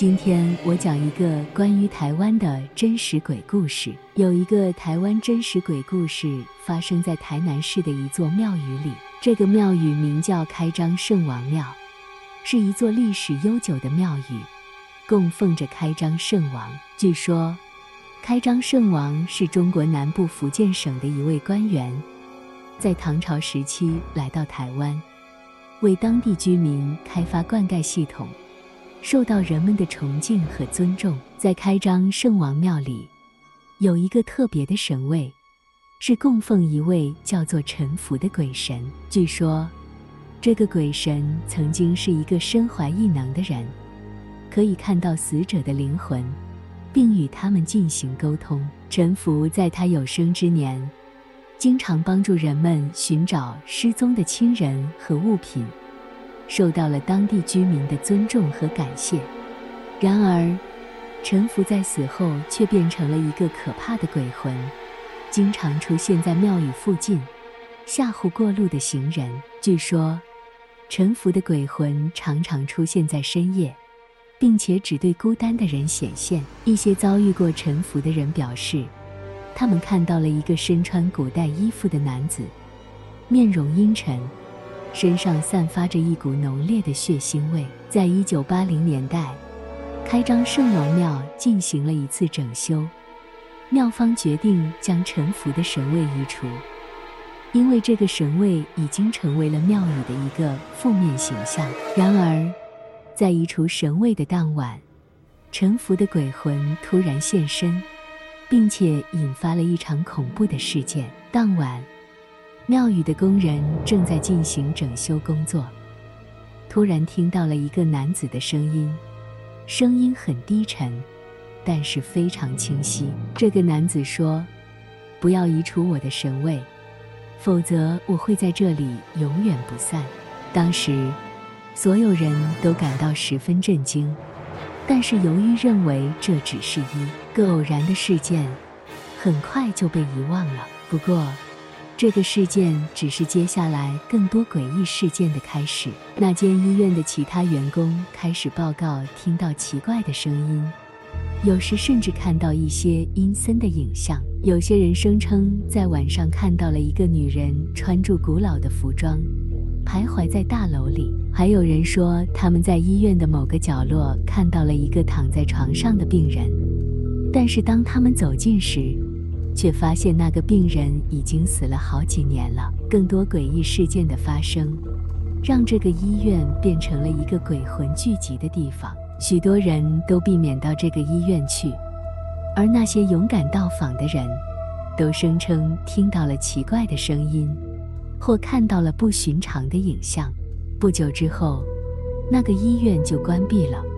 今天我講一個關於台灣的真實鬼故事。有一個台灣真實鬼故事發生在台南市的一座廟宇裡。這個廟宇名叫開漳聖王廟，是一座歷史悠久的廟宇，供奉着開漳聖王。據說，開漳聖王是中國南部福建省的一位官員，在唐朝時期來到台灣，為當地居民開發灌溉系統。受到人們的崇敬和尊重。在開漳聖王廟裡，有一個特別的神位，是供奉一位叫做陳福的鬼神。據說，這個鬼神曾經是一個身懷異能的人，可以看到死者的靈魂，並與他們進行溝通。陳福在他有生之年，經常幫助人們尋找失蹤的親人和物品。受到了當地居民的尊重和感謝。然而，陳福在死後卻變成了一個可怕的鬼魂，經常出現在廟宇附近，嚇唬過路的行人。據說，陳福的鬼魂常常出現在深夜，並且只對孤單的人顯現。一些遭遇過陳福的人表示，他們看到了一個身穿古代衣服的男子，面容陰沉。身上散發着一股濃烈的血腥味。在一九八零年代，開漳聖王廟進行了一次整修，廟方決定將陳福的神位移除，因為這個神位已經成為了廟宇的一個負面形象。然而，在移除神位的當晚，陳福的鬼魂突然現身，並且引發了一場恐怖的事件。當晚，廟宇的工人正在進行整修工作，突然聽到了一個男子的聲音，聲音很低沉，但是非常清晰。這個男子說：“不要移除我的神位，否則我會在這裡永遠不散。”當時，所有人都感到十分震驚，但是由於認為這只是一個偶然的事件，很快就被遺忘了。不過，這個事件只是接下來更多詭異事件的開始。那間醫院的其他員工開始報告聽到奇怪的聲音，有時甚至看到一些陰森的影像。有些人聲稱在晚上看到了一個女人穿着古老的服裝，徘徊在大樓裡。還有人說他們在醫院的某個角落看到了一個躺在床上的病人，但是當他們走近時，卻發現那個病人已經死了好幾年了。更多詭異事件的發生，讓這個醫院變成了一個鬼魂聚集的地方。許多人都避免到這個醫院去，而那些勇敢到訪的人，都聲稱聽到了奇怪的聲音，或看到了不尋常的影像。不久之後，那個醫院就關閉了。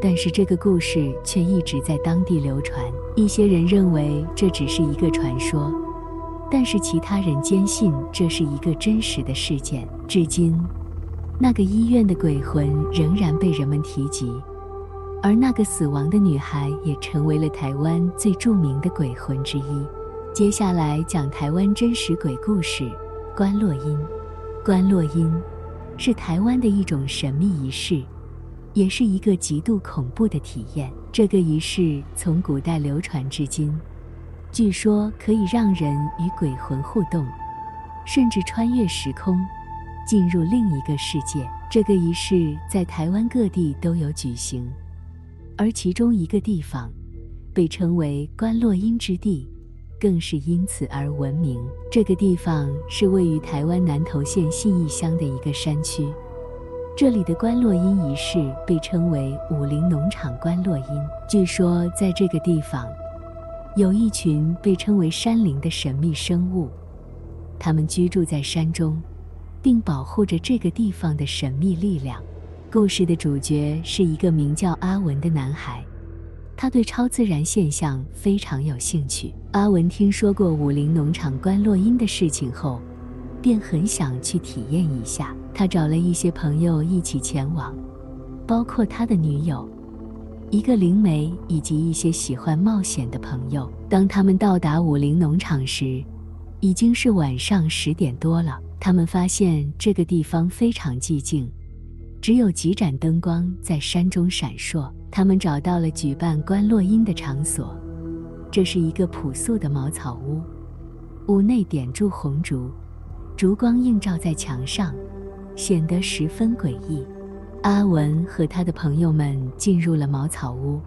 但是這個故事卻一直在當地流傳。一些人認為這只是一個傳說，但是其他人堅信這是一個真實的事件。至今，那個醫院的鬼魂仍然被人們提及，而那個死亡的女孩也成為了台灣最著名的鬼魂之一。接下來講台灣真實鬼故事——觀落陰。觀落陰是台灣的一種神秘儀式，也是一個極度恐怖的體驗。這個儀式從古代流傳至今，據說可以讓人與鬼魂互動，甚至穿越時空，進入另一個世界。這個儀式在台灣各地都有舉行，而其中一個地方，被稱為“觀落陰之地”，更是因此而聞名。這個地方是位於台灣南投縣信義鄉的一個山區。這裡的觀落陰儀式被稱為“武陵農場觀落陰”。據說，在這個地方，有一群被稱為“山靈”的神秘生物，他們居住在山中，並保護着這個地方的神秘力量。故事的主角是一個名叫阿文的男孩，他對超自然現象非常有興趣。阿文聽說過武陵農場觀落陰的事情後，便很想去體驗一下，他找了一些朋友一起前往，包括他的女友、一個靈媒以及一些喜歡冒險的朋友。當他們到達武陵農場時，已經是晚上十點多了。他們發現這個地方非常寂靜，只有幾盞燈光在山中閃爍。他們找到了舉辦觀落陰的場所，這是一個樸素的茅草屋，屋內點着紅燭。燭光映照在牆上，顯得十分詭異。阿文和他的朋友們進入了茅草屋，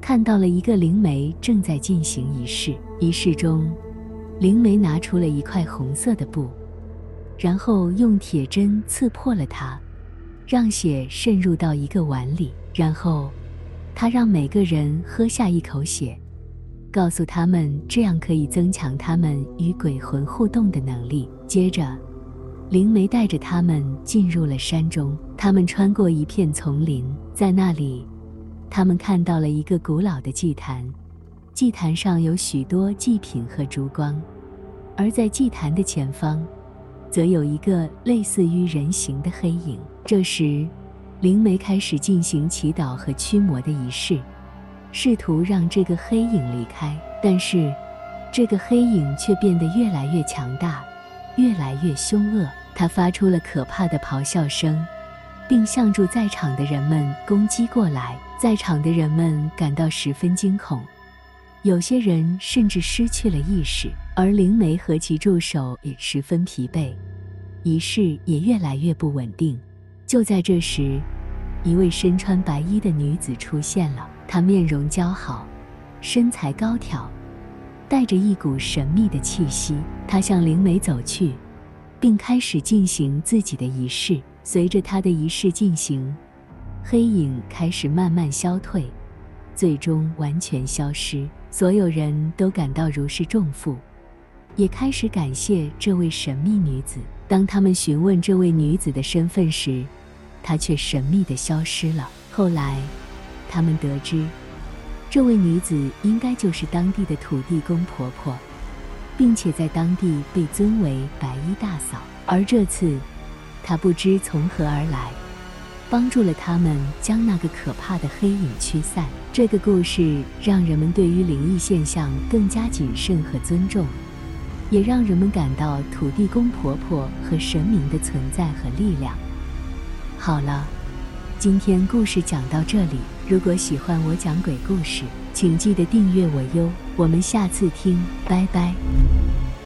看到了一個靈媒正在進行儀式。儀式中，靈媒拿出了一塊紅色的布，然後用鐵針刺破了它，讓血滲入到一個碗裡。然後，他讓每個人喝下一口血，告訴他們這樣可以增強他們與鬼魂互動的能力。接着，靈媒帶着他們進入了山中。他們穿過一片叢林，在那裡，他們看到了一個古老的祭壇，祭壇上有許多祭品和燭光，而在祭壇的前方，則有一個類似於人形的黑影。這時，靈媒開始進行祈禱和驅魔的儀式，試圖讓這個黑影離開。但是，這個黑影卻變得越來越強大。越來越兇惡，他發出了可怕的咆哮聲，並向著在場的人們攻擊過來。在場的人們感到十分驚恐，有些人甚至失去了意識，而靈媒和其助手也十分疲憊，儀式也越來越不穩定。就在這時，一位身穿白衣的女子出現了，她面容姣好，身材高挑。帶着一股神秘的氣息，他向靈媒走去，並開始進行自己的儀式。隨着他的儀式進行，黑影開始慢慢消退，最終完全消失。所有人都感到如釋重負，也開始感謝這位神秘女子。當他們詢問這位女子的身份時，她卻神秘地消失了。後來，他們得知。這位女子應該就是當地的土地公婆婆，並且在當地被尊為白衣大嫂。而這次，她不知從何而來，幫助了他們將那個可怕的黑影驅散。這個故事讓人們對於靈異現象更加謹慎和尊重，也讓人們感到土地公婆婆和神明的存在和力量。好了，今天故事講到這裡。如果喜歡我講鬼故事，請記得訂閱我喲。我們下次聽，拜拜。